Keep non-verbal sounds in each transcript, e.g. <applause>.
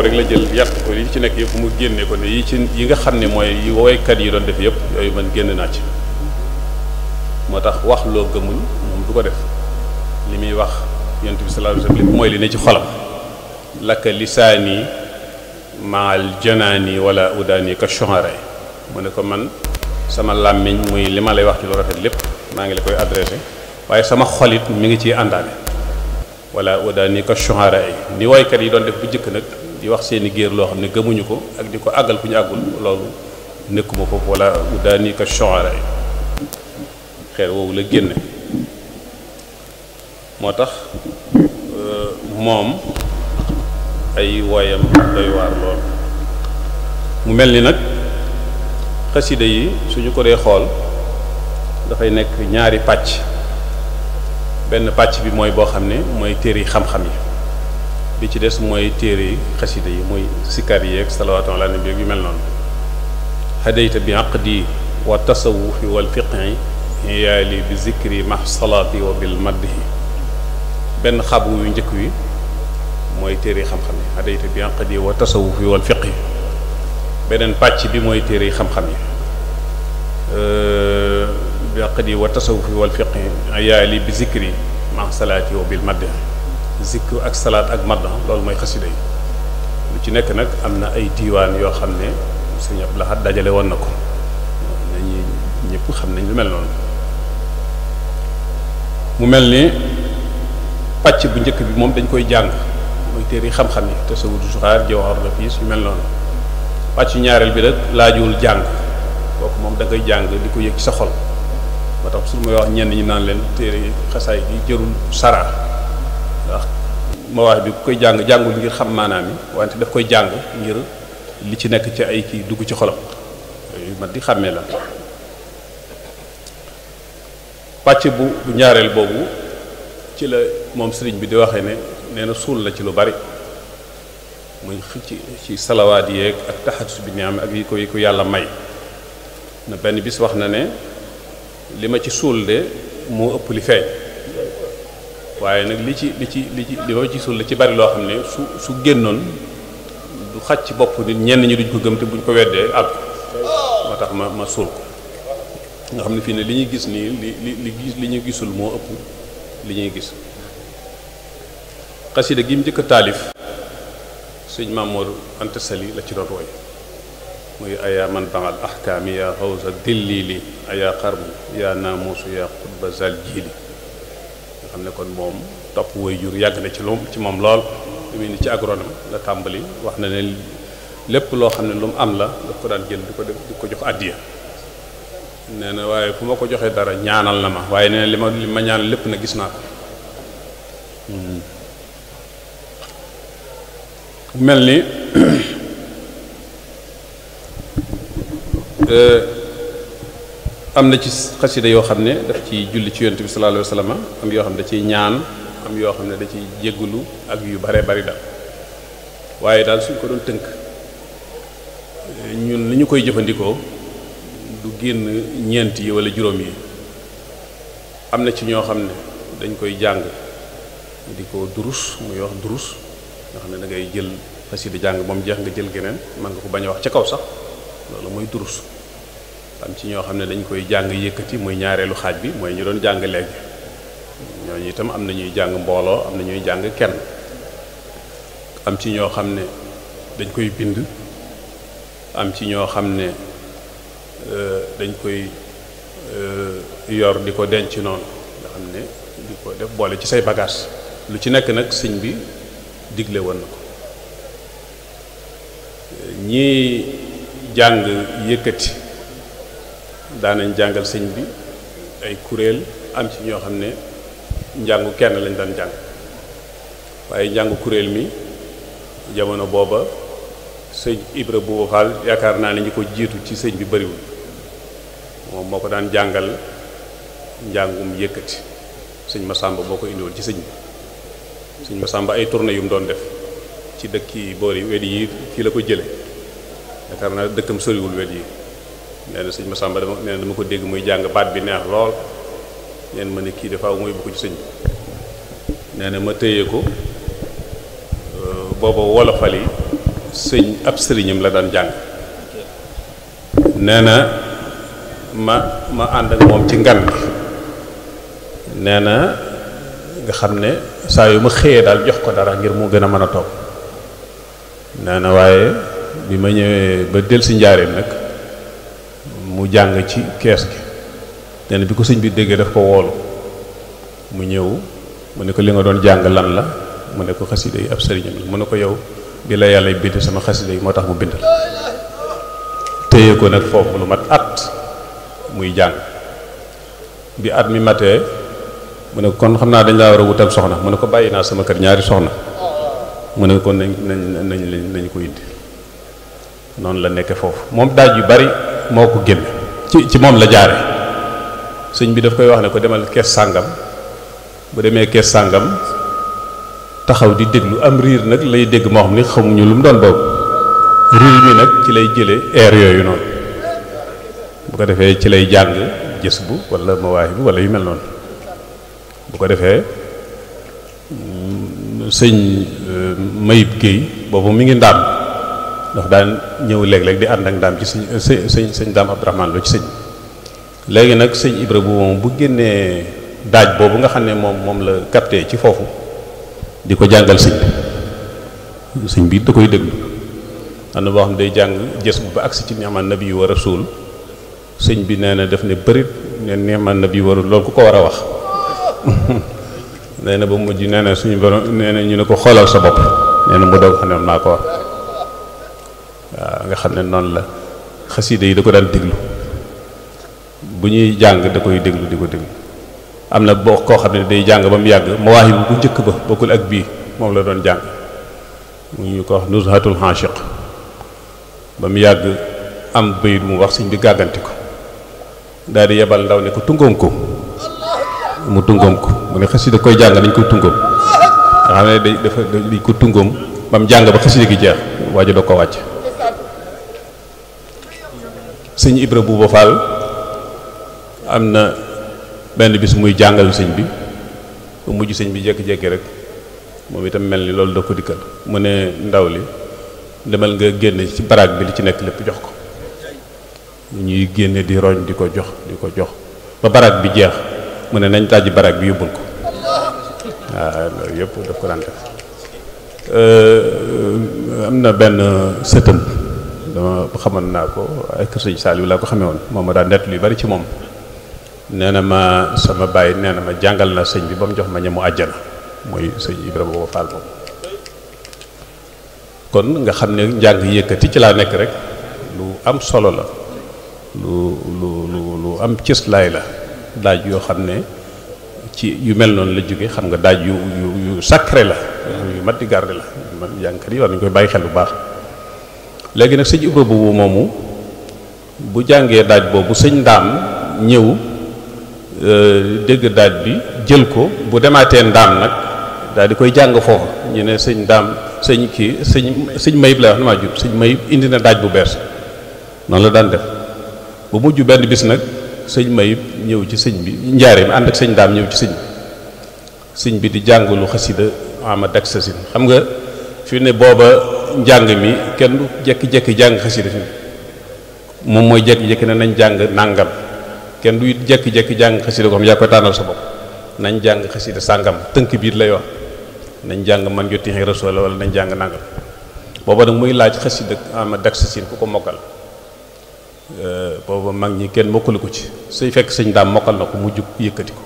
ko rek la jël yàtt ko li ci nekk yëpp mu génne ko ne yi ci yi nga xam ne mooy yi woykat yi doon def yëpp yooyu man génn naa ci moo tax wax loo gëmuñ moom du ko def li muy wax yonent bi sallallahu alayhi wasallam mooy li ne ci xolam lakka lisaani maal wala udaani ka shuhara mu ne ko man sama làmmiñ muy li ma lay wax ci lu rafet lépp maa ngi la koy adressé waaye sama xolit mi ngi ciy àndaale wala udaani ka shuhara ni woykat yi doon def bu jëkk nag di wax seen i géer loo xam ne gëmuñu ko ak di ko àggal ku ñu àggul loolu nekkuma foofu wala daa nii ko chonra xeer woowu la génne moo tax euh, moom ay wooyam doy waar lool mu mel ni nag xasida yi suñu ko dee xool dafay nekk ñaari pàcc benn pàcc bi mooy boo xam ne mooy téere yi xam-xam yi bi ci des mooy téere yi xasida yi mooy sikar yeeg salawaatu ala nabi yu mel noonu hadayta bi aqdi wa tasawufi wal fiqi ma salaati wa bil madhi benn xabu yu njëkk wi mooy téere yi xam-xam yi hadayta bi aqdi wa tasawufi wal fiqi beneen pàcc bi mooy téere yi xam yi bi aqdi wa tasawufi wal wa yaali bi zikri ma salaati zikru ak salaat ak madda loolu mooy xasida yi lu ci nekk nag am na ay diiwaan yoo xam ne sëñ Abdou Lahad dajale woon na ko nañu ñëpp xam nañ lu mel noonu mu mel ni pàcc bu njëkk bi moom dañ koy jàng mooy téere yi xam-xam yi te sawudu suxaar jawhar nafis yu mel noonu pàcc ñaareel bi nag laajuwul jàng kooku moom dangay jàng di ko yëg ci sa xol moo tax su may wax ñenn ñi naan leen téere yi xasaay gi jërul saraa ndax mawaahib bi ku koy jàng jàngul ngir xam maanaam yi wante daf koy jàng ngir li ci nekk ci ay kii dugg ci xolam yu mat di xàmmee la pàcc bu bu ñaareel boobu ci la moom sëriñ bi di waxe ne nee na suul na ci lu bari muy ci ci salawaat yeeg ak taxadus bi niam ak yi ko ko yàlla may na benn bis wax na ne li ma ci suul de moo ëpp li feeñ waaye nag li ci li ci li ci li ma gisul la ci bari loo xam ne su su génnoon du xaj ci bopp nit ñenn ñi duñ ko gëm te buñ ko weddee ak moo tax ma ma suul ko nga xam ne fii ne li ñuy gis nii li li ñuy gisul moo ëpp li ñuy gis xasida gi mu njëkk a taalif sëñ Mamour Anta Sali la ci doon woy muy ayaa man bangal ahkaami yaa xawsa dillii li ayaa xarmu yaa naamuusu yaa xutba zal jiili xam ne kon moom topp way jur yàgg na ci lu ci moom lool li muy ni ci agronome la tàmbali wax na ne lépp loo xam ne lu am la daf ko daan jël di ko def di ko jox àddiya nee waaye fu ma ko joxee dara ñaanal na ma waaye nee na li ma li ma ñaanal lépp na gis naa ko hmm. mel ni <clears throat> euh, am na ci xasida yoo xam ne daf ci julli ci yonent bi sallallahu alayhi wasallam am yoo xam ne da ciy ñaan am yoo xam ne da ciy jéggulu ak yu bare bari daal waaye daal suñ ko doon tënk ñun li ñu koy jëfandikoo du génn ñeent yi wala juróom yi am na ci ñoo xam ne dañ koy jàng di ko durus muy wax durus nga xam ne da ngay jël xasida jàng moom jeex nga jël geneen mën nga ko bañ a wax ca kaw sax loolu mooy durus am ci ñoo xam ne dañ koy jàng yëkkati muy ñaareelu xaaj bi mooy ñu doon jàng léegi ñooñu itam am na ñuy jàng mbooloo am na ñuy jàng kenn am ci ñoo xam ne dañ koy bind am ci ñoo xam ne euh, dañ koy euh, yor di ko denc noonu nga xam ne di ko def boole ci say bagage lu ci nekk nag sëñ bi digle woon na ko ñii jàng yëkkati daanañ jàngal sëñ bi ay kuréel am ci ñoo xam ne njàngu kenn lañ daan jàng waaye njàngu kuréel mi jamono booba sëñ ibre Bouba Fall yaakaar naa ne ñu ko jiitu ci sëñ bi bariwul moom moo ko daan jàngal njàngum yëkkati sëñ ma Masamba moo ko indiwul ci sëñ bi sëñ Masamba ay tournée yu mu doon def ci dëkk yi boor yi yi fii la ko jële yaakaar naa dëkkam soriwul wet yi nee na sëñ Masamba dama nee na dama ko dégg muy jàng baat bi neex lool nee ma ne kii dafa muy bu ko ci sëñ bi nee na ma téye ko booba wolofal sëñ ab sëriñam la daan jàng nee na ma ma ànd ak moom ci ngan bi nee na nga xam ne saa yu ma xëyee daal jox ko dara ngir mu gën a mën a toog nee na waaye bi ma ñëwee ba del si njaareem nag mu jàng ci kees gi nee na bi ko sëñ bi déggee daf ko woolu mu ñëw mu ne ko li nga doon jàng lan la mu ne ko xasida yi ab sëriñam la mu ne ko yow bi la yàlla bind sama xasida yi moo tax mu bind la nag foofu mat at muy jàng bi at mi matee mu ne kon xam naa dañ laa war a wutal soxna mu ne ko bàyyi naa sama kër ñaari soxna mu ne ko nañ nañ nañ nañ ko indi noonu la nekkee foofu moom daaj yu bari moo ko génne ci ci moom la jaare sëñ bi daf koy wax ne ko demal kees sàngam bu demee kees sàngam taxaw di déglu am riir nag lay dégg moo xam ne xamuñu lu mu doon boobu riir mi nag ci lay jëlee air yooyu noonu bu ko defee ci lay jàng gis bu wala mawaahi bu wala yu mel noonu bu ko defee mm, sëñ euh, Mayib Guèye boobu mi ngi ndaam ndax daan ñëw léeg-léeg di ànd ak daam ci sëñ sëñ sëñ daam Abdourahmane lu ci sëñ léegi nag sëñ Ibra bu moom bu génnee daaj boobu nga xam ne moom moom la capté ci foofu di ko jàngal sëñ bi sëñ bi da koy déglu am na boo xam day jàng jës ba agsi ci ni'man nabi wa rasul sëñ bi nee na def ne bërit ne ni'man nabi warul loolu ku ko war a wax <laughs> nee na ba mujj nee na suñu borom nee na ñu ne ko xoolal sa bopp nee na mu doog xam ne am ko wax nga xam ne noonu la xasida yi da ko daan déglu bu ñuy jàng da koy déglu di ko déglu am na boo koo xam ne day jàng ba mu yàgg mawaahibu bu njëkk ba bokkul ak bii moom la doon jàng mu ko wax nuzhatul haashiq ba yàgg am bayit mu wax sëñ bi gàgganti ko daal di yebal ndaw ne ko tungoom ko mu tungoom ko mu ne xasida koy jàng dañ koy tungoom nga xam ne dañ dafa dañ ko tungoom ba mu jàng ba xasida gi jeex waaju doo ko wàcc sëñ Ibra bu Fall am na benn bis muy jàngal sëñ bi ba mujj sëñ bi jékki-jékki rek moom itam mel ni loolu da ko dikkal mu ne ndaw li demal nga génn ci baraag bi li ci nekk lépp jox ko ñuy génne di roñ di ko jox di ko jox ba baraag bi jeex mu ne nañ tàjji baraag bi yóbbul ko waaw loolu daf ko daan def am na benn sëtam dama xamoon naa ko ay kër sëñ Saliou laa ko xamee woon moom ma daan nett lu bari ci moom nee na ma sama bàyyi nee na ma jàngal na sëñ bi ba mu jox ma ñamu àjjana mooy sëñ Ibrahima boobu Fall moom kon nga xam ne njàng yékkati ci laa nekk rek lu am solo la lu lu lu am cëslaay la daaj yoo xam ne ci yu mel noonu la jóge xam nga daaj yu yu yu sacré la yu mat di garde la jàngkat yi war nañu koy bàyyi xel bu baax léegi nag sëñ Ibra boobu moomu bu jàngee daaj boobu sëñ ndaam ñëw euh, dégg daaj bi jël ko bu demaatee ndaam nag daal di koy jàng foofa ñu ne sëñ ndaam sëñ kii sëñ sëñ mayib la wax na maa jub sëñ mayib indi na daaj bu bees noonu la daan def bu mujj benn bis nag sëñ mayib ñëw ci sëñ bi njaare mi ànd ak sëñ ndaam ñëw ci sëñ bi sëñ bi di jàngalu xasida ama daksasin xam nga fi ne booba njàng mi kenn du jekki-jekki jàng xasida fi moom mooy jekki-jekki na nañ jàng nàngam kenn du jekki-jekki jàng xasida ko xam yaa koy tànnal sa bopp nañ jàng xasida sàngam tënk biir lay nañ jàng man jotti xëy rasul wala nañ jàng nàngam booba nag muy laaj xasida ama dak sa sin ku ko mokkal euh, booba mag ñi kenn mokkalu ko ci suy fekk sëñ daam mokkal na ko mu jug yëkkati ko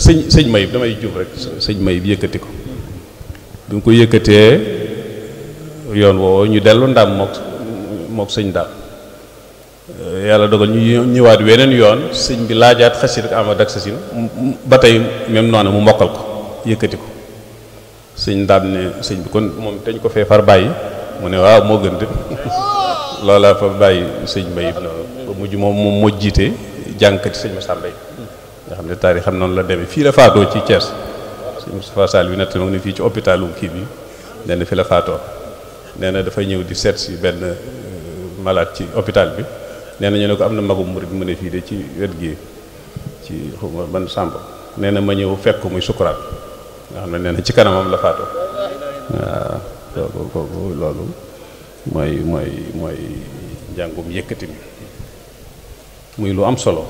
sëñ sëñ mayib damay jub rek sëñ mayib yëkkati ko bi mu ko yëkkatee yoon woowu ñu dellu ndam mook mook sëñ ndam yàlla dogal ñu ñëwaat weneen yoon sëñ bi laajaat xasida ak Ahmad ak sasin ba tey même noonu mu mokkal ko yëkkati sëñ ndam ne sëñ kon moom dañ ko fee far bàyyi mu ne waaw moo gën de <laughs> loola fa bàyyi sëñ Mbaye na mujj moom moom moo jiite jànkati sëñ Masamba yi nga xam ne taarix xam noonu la demee fii la faatoo ci Thiès suñu bi nett ma fii ci hôpitalu kii bi nee na fi na dafay ñëw di seet si benn euh, ci hôpital bi nee na ñu am na magum murid mu ne fii de ci wet gi ci xuma ban na ma ñëw fekk muy sukuraat nga xam ne nee na ci kanamam la faatoo waaw kooku kooku loolu mooy mooy mooy njàngum yëkkati mi muy lu am solo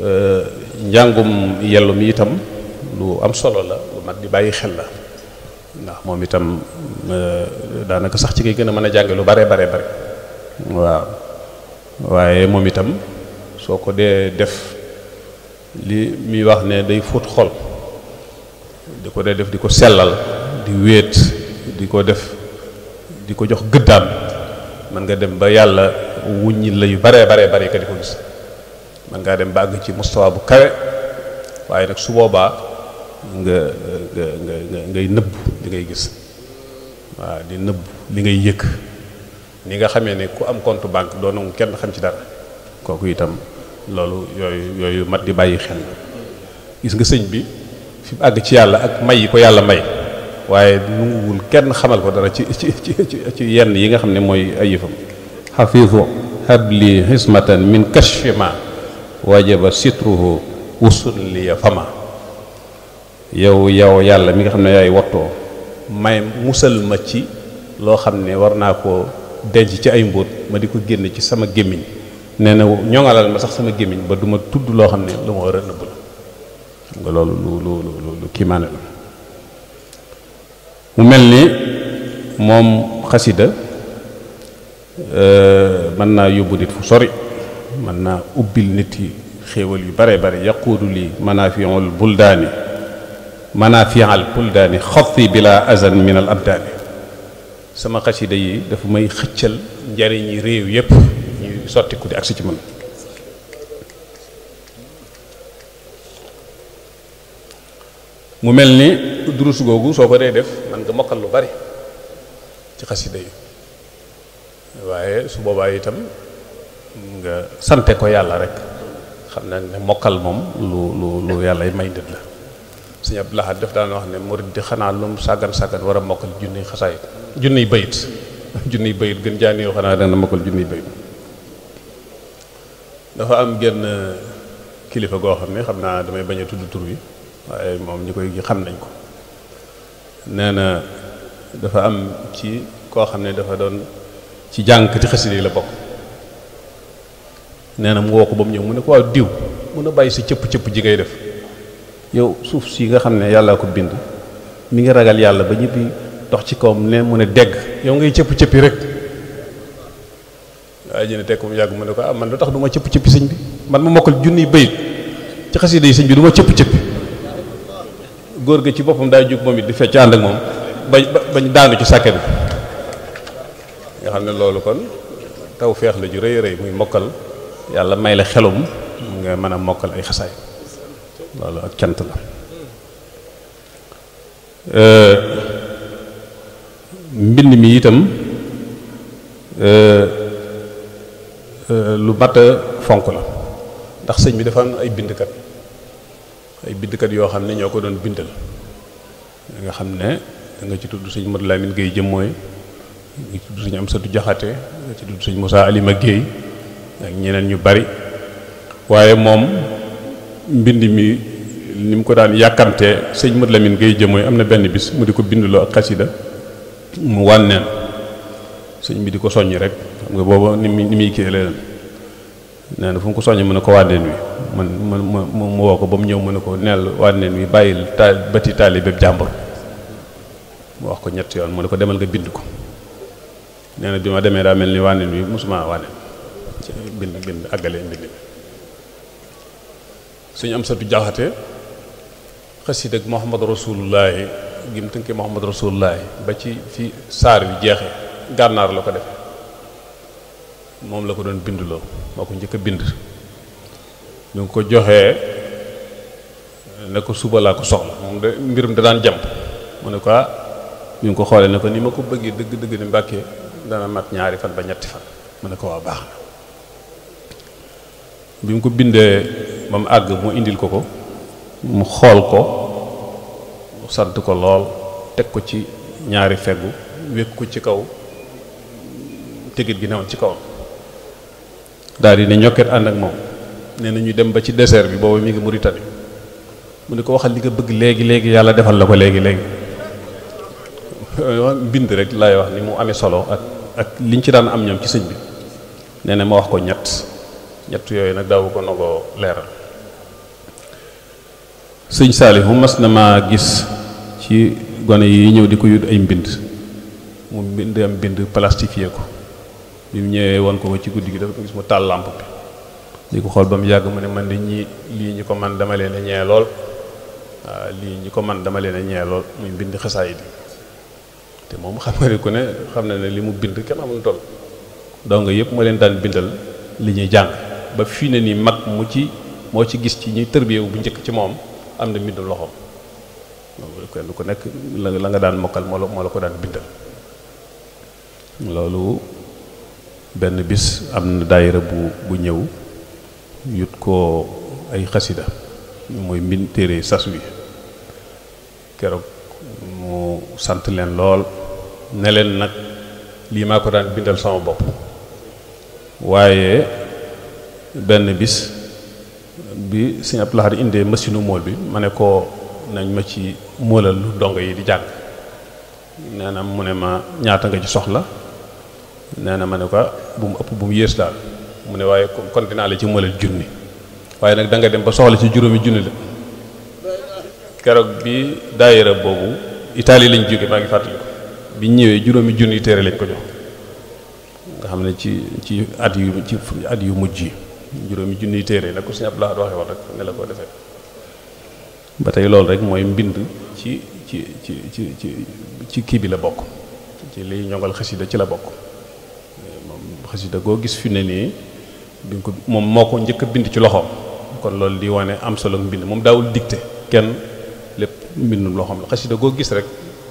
euh, njàngum yellu mi itam lu am solo la lu mat di bàyyi xel la ndax moom itam euh, daanaka sax ci ngay gën a mën a jànge lu bare bare bare waaw waaye moom itam soo ko dee def li muy wax ne day fóot xol di ko dee def di ko sellal di wéet di ko def di ko jox gëddaam mën nga dem ba yàlla wuññi la yu baree baree bare ka di ko gis mën ngaa dem ba àgg ci mustawa bu kawe waaye nag su boobaa nga nga nga ngay nëbb li ngay gis waaw di nëbb li ngay yëkk ni nga xamee ne ku am compte banque doo nangu kenn xam ci dara kooku itam loolu yooyu yooyu mat di bàyyi xel gis nga sëñ bi fi àgg ci yàlla ak may yi ko yàlla may waaye nanguwul kenn xamal ko dara ci ci ci ci yenn yi nga xam ne mooy ay yëfam xafiisu habli xismatan min kashfi ma wajaba sitruhu liya fama yow yow yàlla mi nga xam ne yaay wattoo may musal ma ci loo xam ne war naa ko denc ci ay mbóot ma di ko génn ci sama gémmiñ nee na ñoŋalal ma sax sama gémmiñ ba du ma tudd loo xam ne lu ma war a nëbb la nga loolu lu lu lu kiimaane la mu mel ni moom xasida euh, mën naa yóbbu nit fu sori mën naa ubbil nit yi xéewal yu bare bare yaquudu li manaafiul buldaani manaafial buldaani xotti bila azan min al abdaani sama xas yi day dafa may xëccal yi réew yépp ñuy sotti ku di agsi ci man mu mel ni durus googu soo ko dee def man nga mokkal lu bari ci xasida yi waaye su boobaa itam nga sante ko yàlla rek xam na ne mokkal moom lu lu lu yàlla may ndët la sëñ Abdou Lahad daf daan wax ne murid di xanaa lu mu sàggan sàggan war a mokkal junniy xasaay junniy bayit <laughs> junniy bayit gën jaa néew xanaa dana mokkal junniy bayit dafa am genn uh, kilifa goo xam ne xam naa damay bañ a tudd tur wi waaye moom ñi koy xam nañ ko nee na dafa am ci koo xam ne dafa doon ci jànkati xasida yi la bokk nee na mu woo ko ba mu ñëw mu ne ko waaw diw mun a bàyyi sa cëpp-cëpp ji ngay def yow suuf si nga xam ne yàllaa ko bind mi ngi ragal yàlla ba ñëpp dox ci kawam ne mu ne degg yow ngay cëpp cëppi rek waaye jëne tekk mu yàgg mu ne ko ah man lu tax duma cëpp cëppi sëñ bi man ma mokkal junni bayit ci xasida yi sëñ bi duma ma cëpp cëppi góor gi ci boppam daa jug moom it di fecc ànd ak moom bañ bañ daanu ci sàkket bi nga xam ne loolu kon taw feex la ju rëy rëy muy mokkal yàlla may la xelum nga mën a mokkal ay xasaay loolu ak cant la euh, mbind mi itam euh, euh, lu mat fonk la ndax sëñ bi dafa am ay bindkat ay bindkat yoo xam ne ñoo ko doon bindal nga xam ne danga ci tudd sëñ Modou Lamine Guèye jëm mooy nga ci tudd sëñ Amsatu Jaxate nga ci tudd sëñ Moussa Alima Guèye ak ñeneen ñu bari waaye moom mbind mi ni mu ko daan yàkkamtee sëñ Mat Lamin Gay jëmooy am na benn bis mu di ko bindloo ak xasida mu wànneen sëñ bi di ko soññ rek xam nga booba ni muy ni na fu mu ko soññ mu ne ko wànneen ma mu ko ba mu ñëw mu ne ko neel wànneen wi bàyyil ta bati taalibe jàmbur mu wax ko ñett yoon mu ne ko demal nga bind ko nee na bi ma demee daa mel ni wànneen wi mosuma wànneen bind bind àggale mbind mi suñu am satu jaxate xasida ak Muhammad Rasulullaahi gim tënkee Muhammad Rasulullaahi ba ci fi saar bi jeexe gànnaar la ko defe moom la ko doon binduloo loo moo ko njëkk a bind ñu ngi ko joxee ne ko suba laa ko soxla moom de mbirum da daan jàmp mu ne ko ñu ah, ngi ko xoolee ne ko ni ma ko bëggee dëgg dëgg ni mbàkkee dana mat ñaari fan ba ñetti fan mu ne ko waa baax na bi mu ko bindee ba mu àgg mu indil ko ko mu xool ko sant ko lool teg ko ci ñaari feggu wékk ko ci kaw tegit gi newoon ci kawam daal di ne ñokket ànd ak moom nee na dem ba ci désert bi booba mi ngi Mauritanie mu ne ko waxal li nga bëgg léegi léegi yàlla defal la ko léegi léegi mbind <laughs> rek lay wax ni mu amee solo ak ak liñ ci daan am ñoom ci sëñ bi nee na ma wax ko ñett ñett yooyu nag daw ko nogoo leeral sëñ Saalihu mas na maa gis ci gone yi ñëw di ko yut ay mbind mu mbind am mbind plastifié ko bi mu ñëwee woon ko ci guddi gi dafa gis mu taal làmp bi di ko xool ba mu yàgg mu ne man de ñii lii ñi ko man dama leen ñee lool waaw lii ñi ko man dama leen a ñee lool muy mbind xesaay bi te moom xam nga ne ku ne xam na ne li mu bind kenn amul toll donc yëpp moo leen daan bindal li ñuy jàng ba fii ne nii mag mu ci moo ci gis ci ñuy tërbiyewu bu njëkk ci moom am na mbindum loxoom kenn ku nekk la nga daan mokkal moo la ko daan bindal loolu benn bis am na daayira bu bu ñëw yut ko ay xasida mooy mbind téere sasu wi keroog mu sant leen lool ne leen nag lii maa ko daan bindal sama bopp waaye benn bis bi sëñ Abdou Lahad indee machine mool bi ma ne ko nañ ma ci moolal lu dongo yi di jàng nee na mu ne ma ñaata nga ci soxla nee na ma ne ko ah, bu mu ëpp bu mu yées daal mu ne waaye kon dinaa la ci moolal junni waaye nag da nga dem ba soxla ci juróomi junni la keroog bi daayira boobu Italie lañ jóge maa ngi fàttali ko bi ñëwee juróomi junni téere lañ ko jox nga xam ne ci ci at ci at yu mujj yi juróomi junniy téere la ko suñu Abdoulaye waxee woon rek ne la ko defee ba tey loolu rek mooy mbind ci ci ci ci ci ci kii bi la bokk ci liy ñongal xasida ci la bokk moom xasida goo gis fi ne nii bi ko moom moo ko njëkk bind ci loxoom kon loolu di wane am solo mbind moom daawul dicté kenn lépp mbindum loxoom la xasida koo gis rek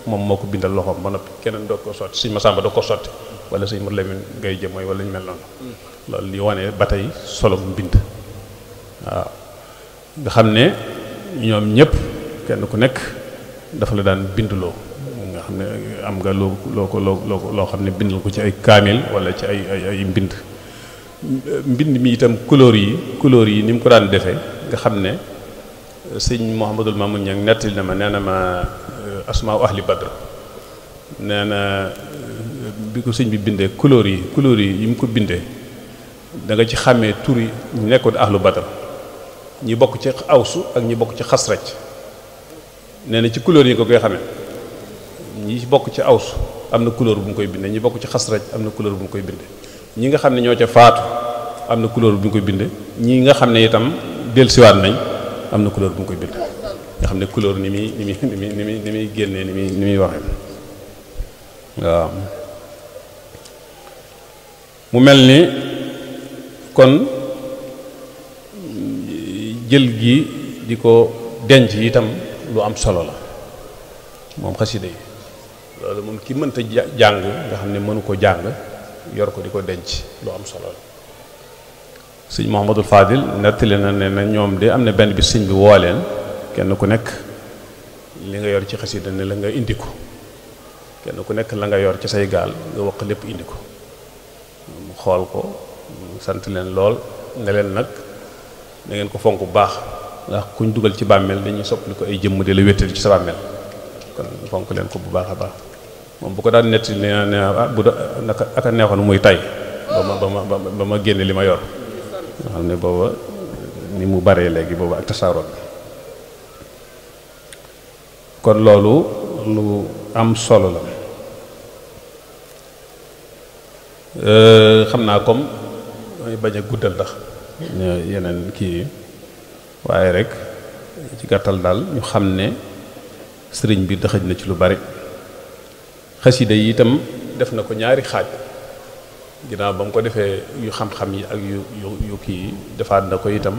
moom moo ko bindal loxoom ba noppi keneen doo ko sotti sëñ Masamba doo ko sotti wala sëñ Mor Lamine ngay jëm mooy wala mel noonu loolu li wane ba tey solo mbind waaw nga xam ne ñoom ñëpp kenn ku nekk dafa la daan binduloo nga xam ne am nga loo loo ko loo loo xam ne bindal ko ci ay kaamil wala ci ay ay mbind mbind mi itam couleur yi couleur yi ni ko daan defee nga xam ne sëñ Mouhamadul Mamoun Niang nettali na ma nee na ma euh, asmaa ahli euh, sëñ bi bindee couleur yi couleur yi yi mu ko bindee da nga ci xàmmee turi ñu nekkoon ahlu badar ñi bokk ci awsu ak ñi bokk ci xasraj nee na ci couleur yi nga koy xamee ñi bokk ci awsu am na couleur bu mu koy bind ñi bokk ci xasraj am na couleur bu koy bindee ñi nga xam ne ñoo ca am na couleur bu koy bindee ñi nga xam ne itam dellusiwaat nañ am na couleur bu mu koy bind nga xam ne couleur ni muy ni muy ni muy ni muy génnee ni muy ni muy waxee waaw mu mel ni. kon jël gi di ko denc itam lu am solo la moom xasida yi loolu moom kii mënta jàng nga xam ne mënu ko jàng yor ko di ko denc lu am solo la sëñ Mouhamadul Fadil nettali na ne na ñoom de am na benn bi sëñ bi woo leen kenn ku nekk li nga yor ci xasida ne la nga indi ko kenn ku nekk la nga yor ci say gaal nga wax lépp indi ko mu xool ko sant leen lool ne leen nag na ngeen ko fonk bu baax ndax kuñ dugal ci bàmmeel dañuy soppali ko ay jëmm di la wéttali ci sa bàmmeel fonk leen ko bu baax a baax moom bu ko daan netti nee ah, bu da naka aka muy tay ba ma génne li ma yor xam ne booba mu baree léegi booba ak tasaaroon kon loolu lu am solo la euh, xam naa comme damay bañ a guddal ndax yeneen kii waaye rek ci gàttal daal ñu xam ne sëriñ bi dëxëj na ci lu bari xasida yi itam def na ko ñaari xaaj ginnaaw ba mu ko defee yu xam-xam yi ak yu yu kii defaat na ko itam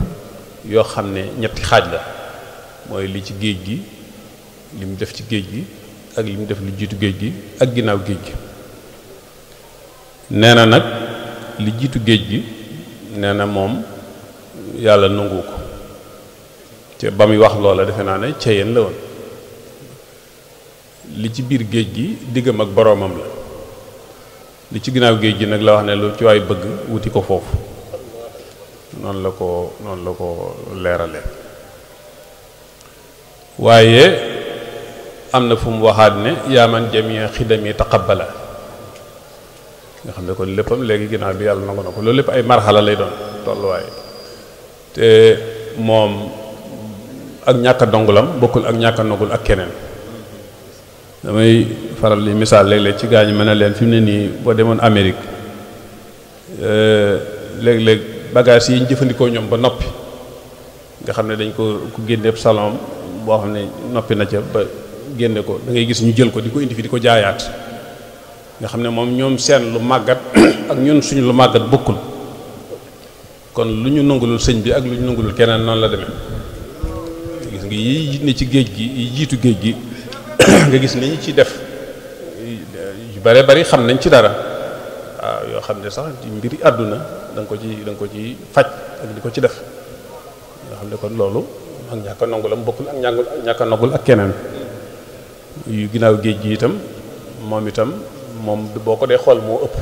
yoo xam ne ñetti xaaj la mooy li ci géej gi li mu def ci géej gi ak li mu def lu jiitu géej gi ak ginnaaw géej gi nee na nag li jiitu géej gi nee na moom yàlla nangu ko te ba muy wax loola defe naa ne ca ceyeen la woon li ci biir géej gi diggam ak boroomam la li ci ginnaaw géej gi nag la wax ne lu ci waay bëgg wuti ko foofu noonu la ko noonu la ko leerale waaye am na fu mu waxaat ne yaa man jamii xidami taqabbala nga xam ne kon léppam léegi ginnaaw bi yàlla nangu na ko loolu lépp ay marxala lay doon tolluwaay te moom ak ñàkk a dongulam bokkul ak ñàkk a ak keneen damay faral di misaal léeg-léeg ci gaa ñi mën a leen fi mu ne nii boo demoon Amérique euh, léeg-léeg bagages yi ñu jëfandikoo ñoom ba noppi nga xam ne dañ ko ku génneeb salon boo xam ne noppi na ca ba génne ko dangay gis ñu jël ko di ko indi fi di ko jaayaat nga xam ne moom ñoom seen lu màggat <clears throat> ak ñun suñu lu màggat bokkul kon lu ñu nangulul sëñ bi ak lu ñu nangulul keneen noonu la deme gis nga yi ci géej gi jiitu géej gi <clears throat> nga gis ni ñu ci def yu bare bari xam nañ ci dara waaw yoo xam ne sax mbir àdduna da ko ci da ko ci faj ak di ko ci def yoo xam ne kon loolu ak ñàkk ak ñàngul nangul ak keneen yu ginnaaw géej gi itam moom itam moom boo ko dee xool moo ëpp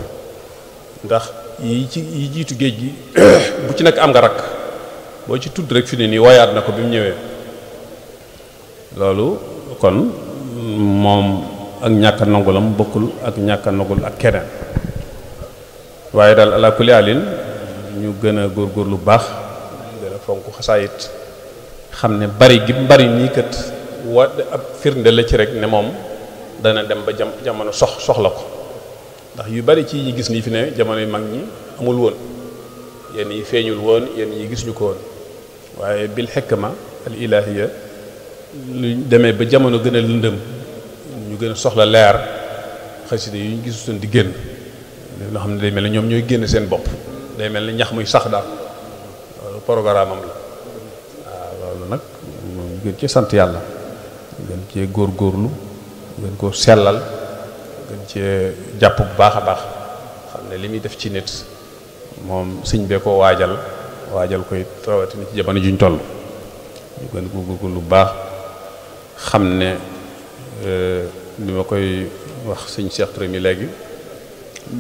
ndax yi ci yi jiitu géej gi <coughs> bu ci nekk am nga rakk boo ci tudd rek fi ne nii wayaat na ko bi mu ñëwee loolu kon moom ak ñàkk a nangulam bokkul ak ñàkk a nangul ak keneen waaye daal ala kulli alin ñu gën a góorgóorlu baax gën a fonk xasaayit xam ne bari gi bari nii kat wa ab firnde la ci rek ne moom dana dem ba jamono sox soxla ko ndax yu bari ci yi gis ni fi ne jamonoy mag ñi amul woon yenn yi feeñul woon yenn yi gisuñu ko woon waaye bil xikma al ilaahiya lu demee ba jamono gën a lëndëm ñu gën a soxla leer xasida yu ñu gisutoon di génn loo xam ne day mel ni ñoom ñooy génn seen bopp day mel ni ñax muy sax daal loolu programme am la waaw loolu nag ñu gën ci sant yàlla ñu gën cee góor góorlu gën koo sellal gën cee jàpp bu baax a baax xam ne li muy def ci nit moom sëñ bee ko waajal waajal koy rawatina ci jamono juñ toll ñu gën ko góorgóorlu lu baax xam ne bi euh, ma koy wax sëñ Cheikh Touré mi léegi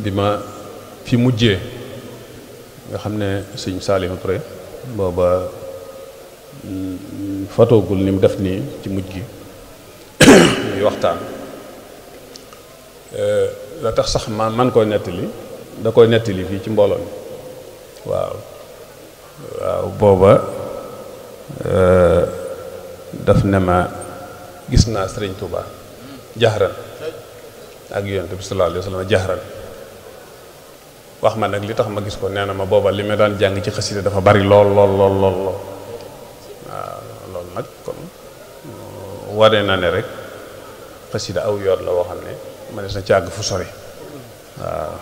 bi ma fi mujjee nga xam ne sëñ Salim Touré booba mm, mm, fatoogul ni mu def nii ci mujj gi ñuy waxtaan euh, la tax sax ma man koo nettali da koy nettali fii ci mbooloo waaw waaw booba euh, daf ne ma gis naa sëriñ Touba jaxran ak yonent bi sallallahu alayhi wa sallam wax ma nag li tax ma gis ko nee na ma booba li ma daan jàng ci xasida dafa bari lool lool lool lool lool waaw loolu nag kon waree na ne rek xasida aw yoon la woo xam ne mënees na ci àgg fu sori waaw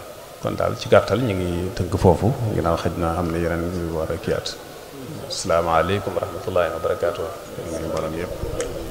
kon daal ci gàttal ñu ngi tënk foofu naaw xëj na am na yeneen yu war a kiyaat asalaamaaleykum wa rahmatullahi wa barakaatu. ñu ngi mbooloo yëpp.